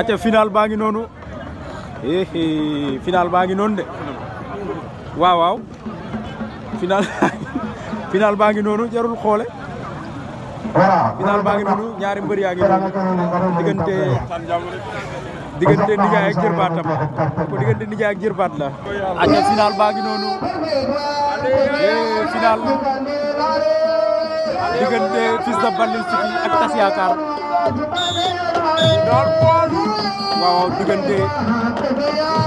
acca final baa ngi noonu final baa ngi noonu de waaw waaw final final baa ngi noonu jarul xoole final baa ngi noonu ñaari mbër yaa noonu diggante nijaay ak jërbaatam la acca final baa ngi noonu final diggante Fils de Balil Siki ak Tas waaw diggante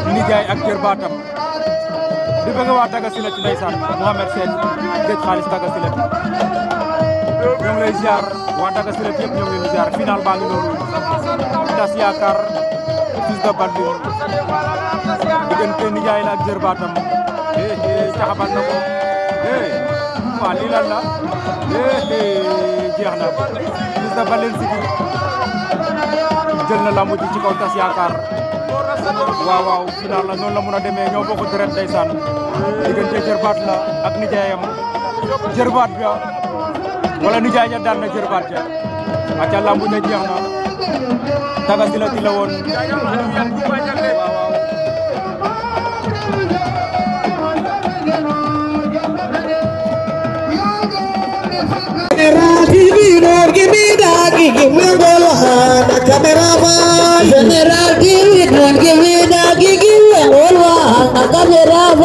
Ndiaye ak Kër Batam di bëgg waa Tagasilat ndeysaan Mohamed Sène géej xaalis Tagasilat ñoo ngi lay ziar waa Tagasilat yëpp ñoo ngi leen di ziar final baa ngi noonu tas yaakaar fils de Bandung diggante Ndiaye la ak Kër Batam eh eh taxabal na ko eh waa lii lan la eh eh jeex na fils de jël na lamb ji ci kaw tas yaakaar waaw waaw final la noonu la mun a demee ñoo bokk deret ndeysaan diggante jërbaat la ak nijaayam jërbaat ja ah. wala nijaay ja daan na jërbaat ja acca lamb ja jeex na tagasi la ti la woon waaw waaw general give it, don't give it, give it, all